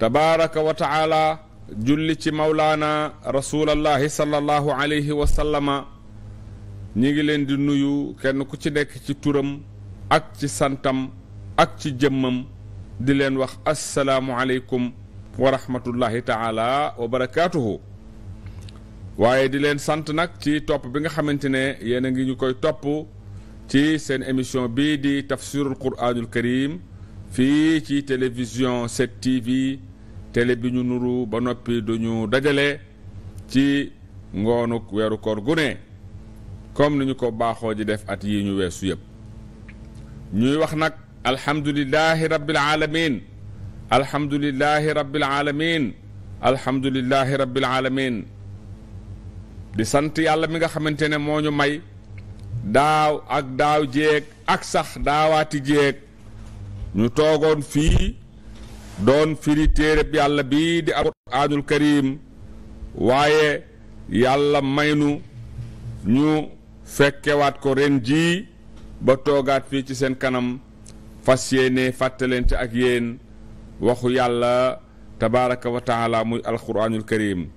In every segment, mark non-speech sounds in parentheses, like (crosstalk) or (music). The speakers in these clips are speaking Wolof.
tabaaraka wa taala julli ci mawlaana rasulallahi sallallahu alayhi wa sallama ñi ngi leen di nuyu kenn ku ci nekk ci turam ak ci santam ak ci jëmmam di leen wax assalaamu aleykum wa taala wa waaye di leen sant nag ci topp bi nga xamante ne yéen a ngi ñu koy topp ci seen émission bii di tafsirul quraanul karim fii ci télévision 7 TV télé bi ñu nuru ba noppi duñu dajale ci ngoonuk weeru koor gu ne comme ni ñu ko baaxoo ji def at yi ñu weesu yëpp ñuy wax nag alhamdulilahi rabbil alamin alhamdulilahi rabbil alamin alhamdulilahi rabbil alamin di sant yàlla mi nga xamante ne moo ñu may daaw ak daaw jéeg ak sax daawaati jéeg ñu toogoon fii doon firi téereb yàlla bi di alquraanul karim waaye yàlla maynu ñu fekkewaat ko ren ji ba toogaat fii ci seen kanam fas yéene fàttalente ak yéen waxu yàlla tabaraka wa taala muy alquraanul karim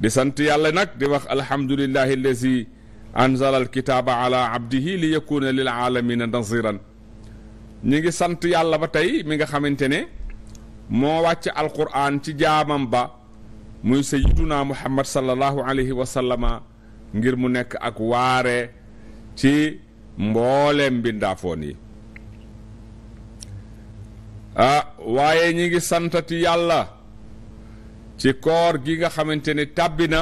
di sant yàlla nag di wax alhamdulillahi allazi anzala alkitaaba ala abdihi li yakuna lil aalamina naziran ñu ngi sant yàlla ba tey mi nga xamante ne moo wàcc alquran ci jaamam ba muy sayyiduna muhammad sallallahu alayhi wa ngir mu nekk ak waare ci mbooleem mbindaafoon yi waaye ñi ngi santati yàlla ci koor gi nga xamante ni tàbbi na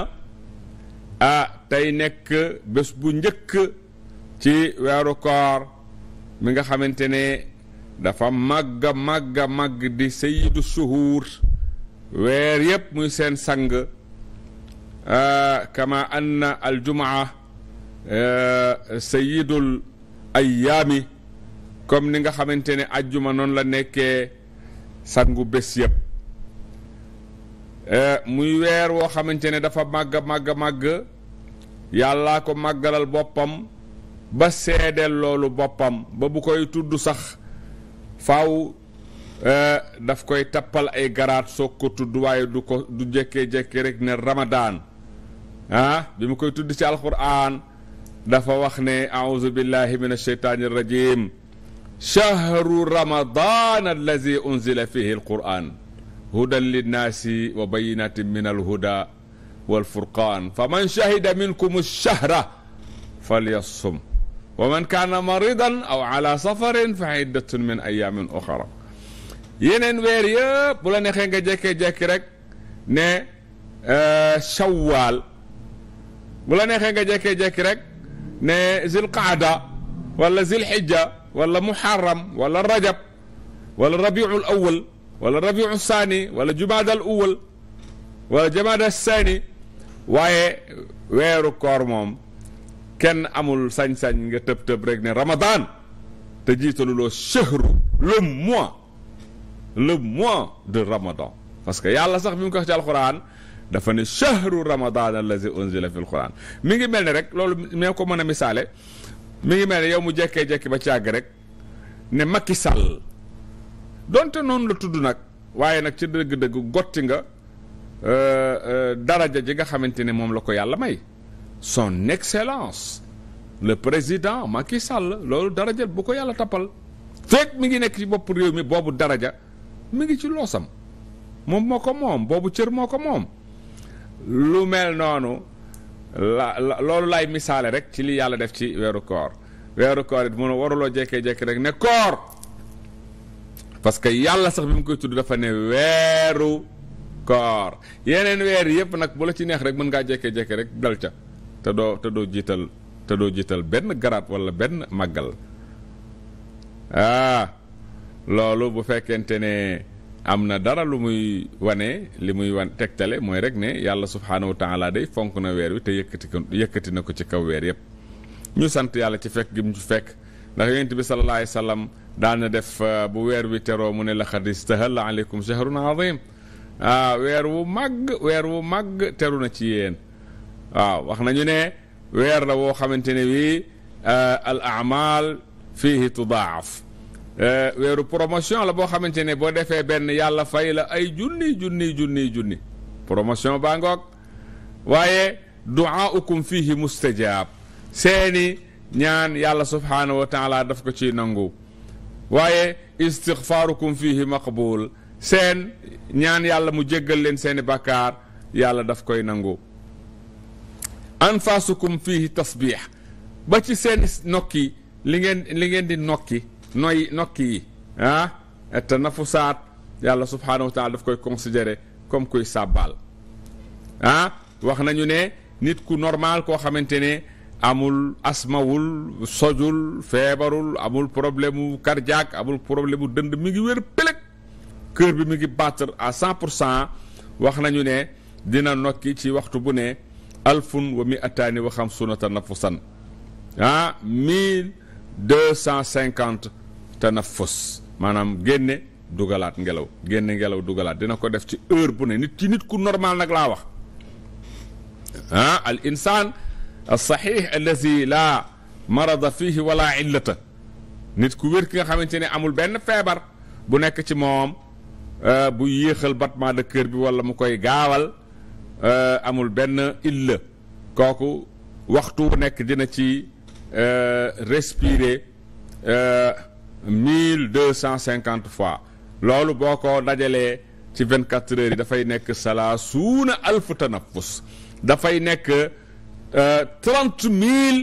tey nekk bés bu njëkk ci weeru koor mi nga xamante ne dafa màgg màgg màgg di sayyidu suhuur weer yëpp muy seen sang euh, kama anna aljumaa euh, ay yaami comme ni nga xamante ne ajjuma noonu la nekkee sangu bés yëpp euh, muy weer woo xamante ne dafa màgg màgg màgg yàllaa ko màggalal boppam ba seedeel loolu boppam ba bu koy tudd sax faaw euh, daf koy tappal ay garaat soog ko tudd waaye du ko du jékkee-jékkee rek ne ramadaan ah bi mu koy tudd ci alquran dafa wax ne auzu billahi min alsheytaani irrajim chahru ramadan allazi unzila fihi alquran hudan linnaasi wa bayinatin min alhuda walfurqan faman shahida minkum alshahra falyasum wa man kaana maridan aw ala safarin fa iddatun min ayamin oxara yeneen weer yëpp bu la neexee nga jékkee-jékki rek ne shawwaal bu la neexee nga jékkee-jékki rek ne zilqaada wala zilxijja wala muharram wala rajab wala rabiul awal wala rabiu saani wala jumaada al awal wala jamaada saani waaye weeru koor moom kenn amul sañ-sañ nga tëb tëb rek ne Ramadan te jiitaluloo chehru le mois le mois de Ramadan parce que yàlla sax bi mu ko wax ci alxuraan dafa ne chehru Ramadan allazi unzila fi alxuraan mi ngi mel ni rek loolu nee ko mën a misaale mi ngi mel ne yow mu jekkee jekki ba ci càgg rek ne Macky Sall donte noonu la tudd nag waaye nag ci dëgg-dëgg gotti nga euh, euh, daraja ji nga xamante ne moom la ko yàlla may. son excellence le président Macky Sall loolu daraja bu ko yàlla tappal fekk mi ngi nekk ci bopp réew mi boobu daraja mi ngi ci loosam moom moo ko moom boobu cër moo ko moom lu mel noonu la la loolu lay misaale rek ci li yàlla def ci weeru koor weeru koor it mun a waruloo jekkee-jekki rek ne koor parce que yàlla sax bi mu koy tudd dafa ne weeru koor yeneen weer yëpp nag bu la ci neex rek mën ngaa jekkee-jekki rek dal ca te doo te doo jiital te doo jiital benn garaat wala benn màggal ah loolu bu fekkente ne am na dara lu muy wane li muy wan tegtale mooy rek ne yàlla subhaanahu wa taala fonk na weer wi te yëkkati ko yëkkati na ko ci kaw weer yëpp ñu sant yàlla ci fekk gi mu ci fekk ndax yonent bi sallallahu salaam wa def ah, bu weer wi teroo mu ne la xad istahalla aleykum shahrun azim ah weer wu màgg weer wu màgg teru na ci yéen waaw wax nañu ne weer la woo xamante ne wi euh, al amal fihi tudaaf euh, weeru promotion la boo xamante ne boo defee benn yàlla fay la ay junni junni junni junni promotion baa ngoog waaye duaukum fihi mustajab seeni ñaan yàlla subhaanahu wa taala daf ko ci nangu waaye istigfaarukum fihi maqbul seen ñaan yàlla mu jéggal leen seeni bàkkaar yàlla daf koy nangu anfasukum fihi tasbix ba ci seen nokki li ngeen li ngeen di nokki noy nokki yi ah tanafusaat yàlla subhaanahu wa taala daf koy considéré comme kuy sàbbaal ah wax nañu ne nit ku normal koo xamante ne amul asmawul sojul feebarul amul problème mu cardiaque amul problème mu dënd mi ngi wér pëlëg cœur bi mi ngi battre à cent pour cent wax nañu ne dina nokki ci waxtu bu ne alfun wa miataani wa xamsuna tanafusan ah mille deux cent cinquante tanafus maanaam génne dugalaat ngelaw génne ngelaw dugalaat dina ko def ci heure bu ne nit ci nit ku normal nag laa wax ah al insaan al saxiix allazi laa marada fiihi wala nit ku wér ki nga xamante ne amul benn feebar bu nekk ci moom ah, bu yéexal battement de wala mu koy gaawal Euh, amul benn illa kooku waxtu wu nekk dina ci euh, respirer euh, mille deux cent cinquante fois loolu boo ko dajalee ci vingt quatre heures yi dafay nekk salaasuuna alfu tanaffus dafay nekk trente mille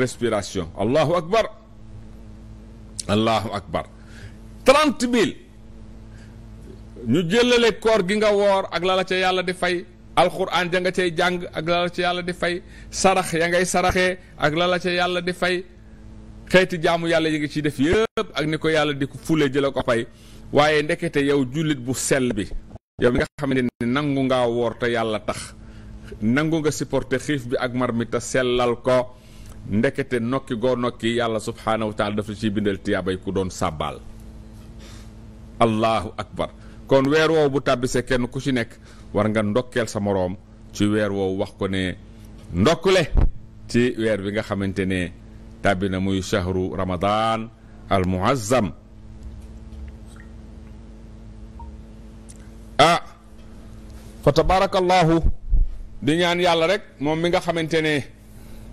respiration allahu akbar allahu akbar ñu jëlale koor gi nga woor ak la la ca yàlla di fay alxuraan ja nga cay jàng ak la ca yàlla di fay sarax ya ngay saraxee ak la la ca yàlla di fay xeeti jaamu yàlla yi nga ciy def yëpp ak ni ko yàlla di ko fule jëla ko fay waaye ndekete yow jullit bu sell bi yow mi nga xamante ne nangu nga woor te yàlla tax nangu nga supporté xiif bi ak mar mi te sellal ko ndekete nokki goo nokki yàlla subhaanahu wa taala daf la ciy bindal tiyaabay ku doon sàbbaal allahu akbar kon weer woowu bu tàbbisee kenn ku ci nekk war nga ndokkeel sa moroom ci weer woowu wax ko ne ndokk le ci weer bi nga xamante ne tàbbi na muy shahru ramadan al muazzam ah fa tabarakallahu di ñaan yàlla rek moom mi nga xamante ne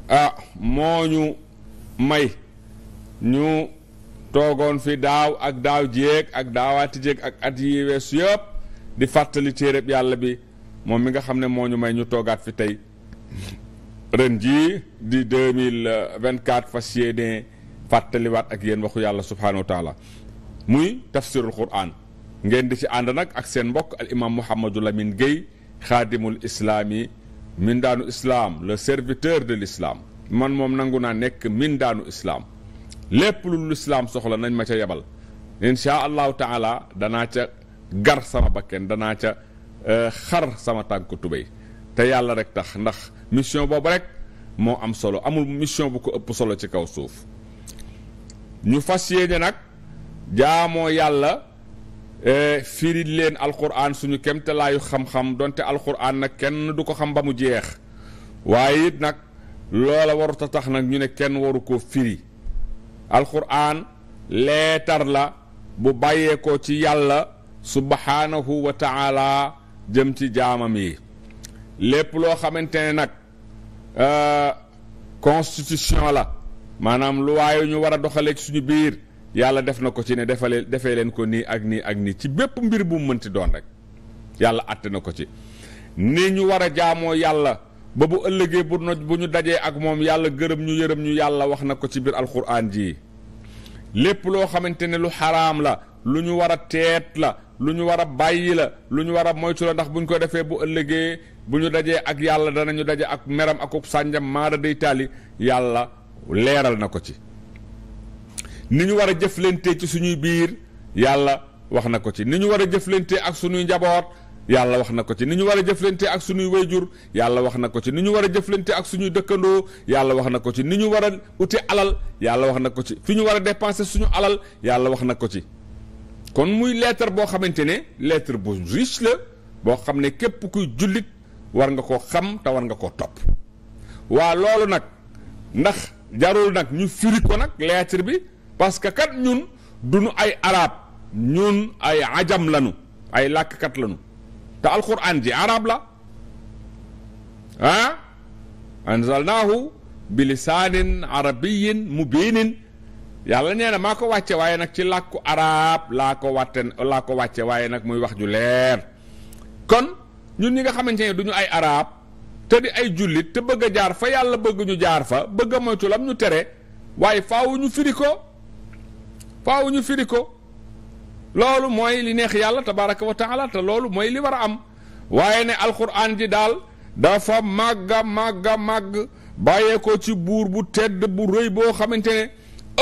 ah moo ñu may ñu toogoon fi daaw ak daaw jéeg ak daawaati jéeg ak at yi weesu yëpp di fàttali téereb yàlla bi moom mi nga xam ne moo ñu may ñu toogaat fi tey ren jii di deux mille vingt quatre fas yéene ak yéen waxu yàlla subhaanahu wa taala muy tafsirul quran ngeen di ci ànd nag ak seen mbokk al imam Mouhamadou Lamine Guèye xaadimul islaam yi mindaanu islaam le serviteur de l'islam man moom nangu naa nekk mindaanu islaam lépp lu lislaam soxla nañ ma ca yebal insha allahu taala danaa ca gar sama bakken danaa ca eh, xar sama tànk tubéy te yàlla rek tax ndax mission boobu rek moo am solo amul mission bu ko ëpp solo ci kaw suuf ñu fas yéene nag jaamoo yàlla eh, firi leen alquran suñu kemtalaayu xam-xam donte alquran nag kenn du ko xam ba mu jeex waaye it nag loola warut a tax nag ñu ne kenn waru koo firi alquran leetar la bu bàyyeekoo ci yàlla subhaanahu wa taala jëm ci jaamam yi lépp loo xamante ne nag euh, constitution la maanaam lu waaye ñu war a doxaleeg suñu biir yàlla def na ko ci ne defale defee leen ko nii ak nii ak nii ci bépp mbir bu mu mënti doon rek yàlla àtte na ko ci ni ñu war jaamoo yàlla ba bu ëllëgee bu noj bu ñu dajee ak moom yàlla gërëm ñu yërëm ñu yàlla wax na ko ci biir alxuraan ji lépp loo xamante ne lu xaraam la lu ñu war a teet la lu ñu war a bàyyi la lu ñu war a moytu la ndax bu ñu ko defee bu ëllëgee bu ñu dajee ak yàlla danañu daje ak meram ak sànjam maara day taali yàlla leeral na ko ci ni ñu war a jëflante ci suñuy biir yàlla wax na ko ci ni ñu war a jëflante ak suñuy njaboot yàlla wax na ko ci ni ñu war a jëflante ak suñuy wayjur yàlla wax na ko ci ni ñu war a jëflante ak suñuy dëkkandoo yàlla wax na ko ci ni ñu war a uti alal yàlla wax na ko ci fi ñu war a dépenser suñu alal yàlla wax na ko ci kon muy lettre boo xamante ne lettre bu riche la boo xam ne képp kuy jullit war nga ko xam te war nga koo topp waa loolu nag ndax jarul nag ñu firi ko nag lettre bi parce que kat ñun duñu ay arab ñun ay ajam lanu ay làkkat lanu te alquran ji arab la ah anzalnaahu bi lisaanin arabiyin mubiinin yàlla nee na maa ko wàcce waaye nag ci làkku arab laa ko wàtte laa ko wàcce waaye nag muy wax ju leer kon ñun ñi nga xamante ne du ñu ay arab te di ay jullit te bëgg jaar fa yàlla bëgg jaar fa bëgg a moytu lam ñu tere waaye faawu ñu firi faawu ñu firi ko loolu mooy li neex yàlla tabaraka wa taala te loolu mooy li war a am waaye ne alquran ji daal dafa màgga màgga màgg bàyyee ko ci buur bu tedd bu rëy boo xamante ne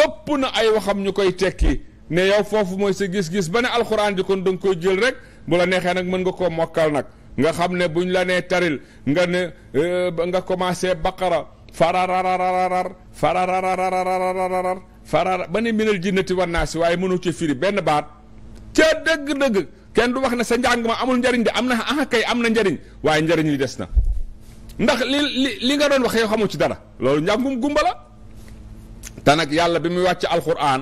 ëpp na ay waxam ñu koy tekki ne yow foofu mooy sa gis-gis ba ne alxuraan ji kon danga nga koy jël rek bu la neexee nag mën nga koo mokkal nag nga xam ne buñ la nee taril nga ne euh, nga commencé baqara farararararar farararararar farar ba ne minal jinnati wannaasi waaye mënu ci firi benn baat ca dëgg-dëgg kenn du wax ne sa njàng ma amul njariñ de am na ah kay am na njariñ waaye njariñ li des na ndax li li nga doon wax yow xamu ci dara loolu njàngum gumba la te nag yàlla bi muy wàcc alquran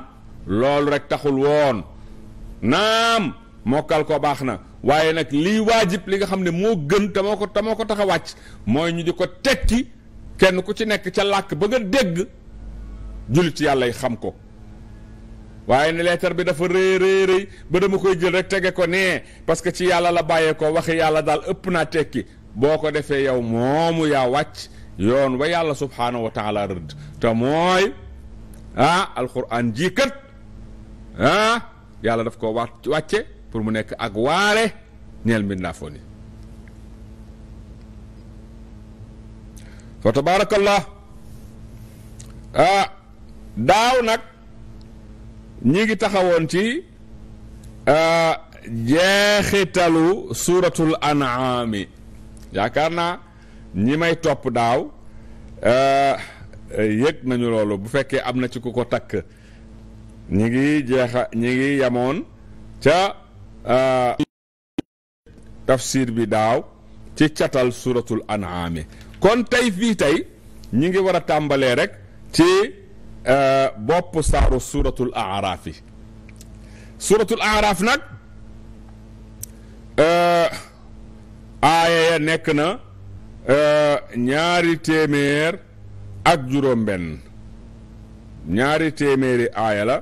loolu rek taxul woon naam mokkal ko baax na waaye nag liy waajib li nga xam ne moo gën te moo ko te moo ko tax a wàcc mooy ñu di ko tekki kenn ku ci nekk ca làkk ba nga dégg jullit yàlla yi xam ko waaye ne leetar bi dafa rëy rëy rëy ba dama koy jël rek tege ko nee parce que ci yàlla la bàyyee ko waxi yàlla daal ëpp naa tekki boo ko defee yow moomu yaa wàcc yoon wa yàlla subhaanahu wa taala rëdd te mooy ah jii kat ah, yàlla daf ko wàcc wàcce pour mu nekk ak waare ñeel mbindaafoon ni fa tabaarakallah ah, daaw nag ñi ngi taxawoon ci euh, jeexitalu suuratul anaami yaakaar naa ñi may topp daaw euh, yëg nañu loolu bu fekkee am na ci ku ko takk ñi ngi jeexa ñi ngi yamoon ca euh, tafsir bi daaw ci catal suuratul anaami kon tey fii tey ñi ngi war a tàmbalee rek ci Eh, bopp saaru suuratul aaraaf yi suuratul aaraaf nag eh, aaya ya nekk na eh, ñaari téeméer ak juróom-benn ñaari téeméeri aaya la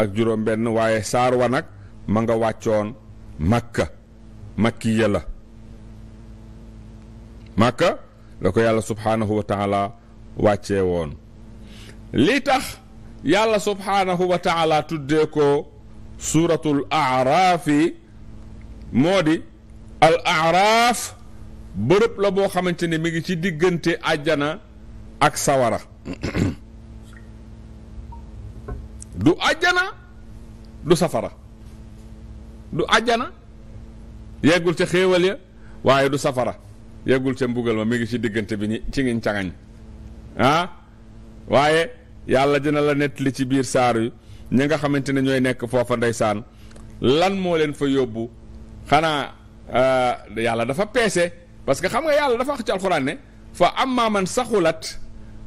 ak juróom-benn waaye saar wa nag ma nga wàccoon makka makki ya la makka la ko yàlla subhaanahu wa taala wàccee woon li tax yàlla subhaanahu wa taala tuddee ko suuratul aaraafi moo di al aaraaf bërëb la boo xamante ne mi ngi ci diggante àjjana ak sawara (clears throat) du àjjana du safara du àjjana yeggul ca xéewal ya waaye du safara yeggul ca mbugal ma mi ngi ci diggante bi ñi ci ngiñ cangañ ah? waaye yàlla dina la nettali ci biir saar yi ñi nga xamante ne ñooy nekk foofa ndeysaan lan moo leen fa yóbbu xanaa euh, yàlla dafa peese parce que xam nga yàlla dafa wax ci alxuraan ne fa amma man saxulat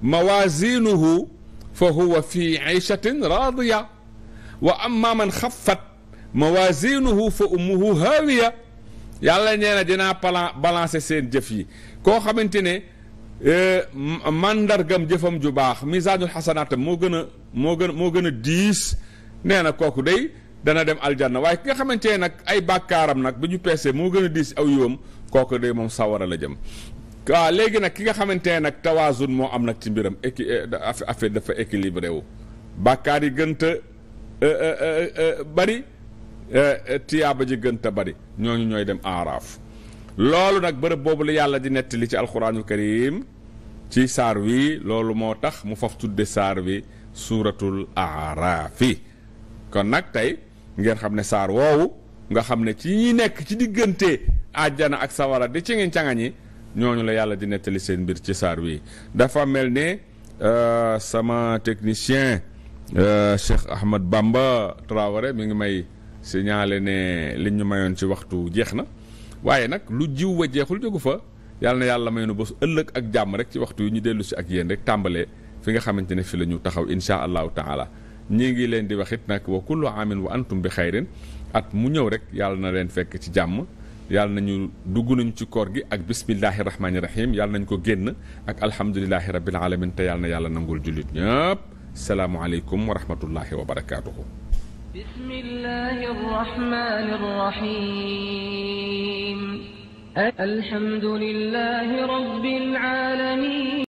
mawazinuhu fa huwa fi ichatin radiya wa amma man xaffat mawazinuhu fa ummuhu haawiya yàlla nee na dinaa balancer seen jëf yi koo xamante Eh, mandargam jëfam ju baax misaanul xasanaatam moo gën a moo gën moo gën a diis nee na kooku day dana dem aljanna waaye ki nga xamante ne nag ay bàkkaaram nag bi ñu peesee moo gën a diis aw yoom kooku day moom sawara la jëm waaw léegi nag ki nga xamante ne nag tawaasun moo am nag ci mbiram équi eh, affaire dafa équilibré wu bàkkaar yi gënta eh, bari tiyaaba ji gënta bari ñooñu ñooy dem aaraaf loolu nag bërëb boobu la yàlla di nettali ci alxuraanul karim ci saar wi loolu moo tax mu faf tudde saar wi suuratul aaraafi kon nag tey ngeen xam ne saar woowu nga xam ne ci ñi nekk ci diggante àjjana ak sawara di ci ñi cangañi ñooñu la yàlla di nettali seen mbir ci saar wi dafa mel ne euh, sama technicien euh, Cheikh Ahmad Bamba Traoré mi ngi may signalé ne li ñu mayoon ci waxtu jeex na waaye nag lu jiw wa jeexul jógu fa yàlla na yàlla may nu bés ëllëg ak jàmm rek ci waxtu yi ñu dellu si ak yéen rek tàmbalee fi nga xamante ne fi la ñu taxaw insha allahu taala ñi ngi leen di wax nag wa kullu amin wa antum bi xayrin at mu ñëw rek yàlla na leen fekk ci jàmm yàlla nañu dugg nañu ci koor gi ak bismillahi rahmaani rahim yàlla nañu ko génn ak alhamdulilahi rabbil alamin te yàlla na yàlla nangul jullit ñëpp salaamualeykum wa rahmatullahi wa barakaatuhu بسم الله الرحمن الرحيم الحمد لله رب العالمين